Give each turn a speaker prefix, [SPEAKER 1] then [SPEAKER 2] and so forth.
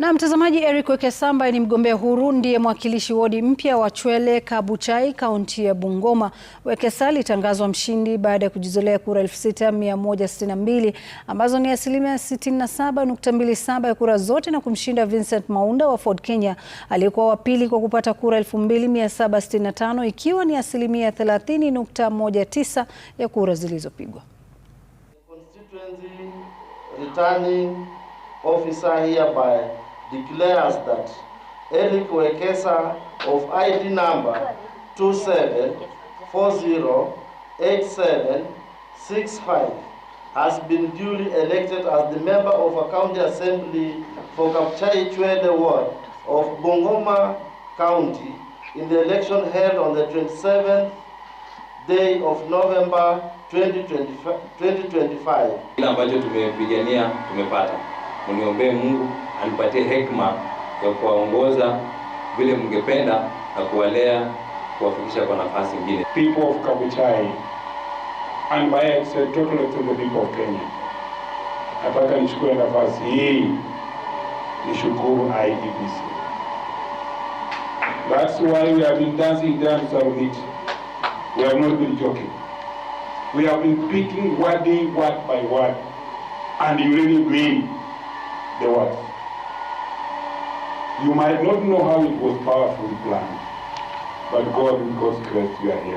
[SPEAKER 1] Na mtazamaji, Eric Wekesamba ni mgombea huru ndiye mwakilishi wodi mpya wa Chwele Kabuchai, kaunti ya Bungoma. Wekesa alitangazwa mshindi baada ya kujizolea kura 6162 ambazo ni asilimia 67.27 ya kura zote na kumshinda Vincent Maunda wa Ford Kenya aliyekuwa wa pili kwa kupata kura 2765 ikiwa ni asilimia 30.19 ya kura zilizopigwa.
[SPEAKER 2] Returning officer hereby declares that Eric Wekesa of ID number 27408765 has been duly elected as the member of a county assembly for Kapchai Chwede ward of Bungoma County in the election held on the 27th day of November 2025.
[SPEAKER 3] Kile ambacho tumepigania tumepata. Mungu anipatie hekima ya kuwaongoza vile mngependa na kuwalea kuwafikisha kwa nafasi nyingine.
[SPEAKER 4] People of Kabuchai and by extent total of the people of Kenya. Nataka nichukue nafasi hii nishukuru IEBC. That's why we have been dancing dance of it. We have not been joking. We have been picking word by word and you really mean the words. You might not know how it was powerfully planned, but God, in Christ, grace, you are here.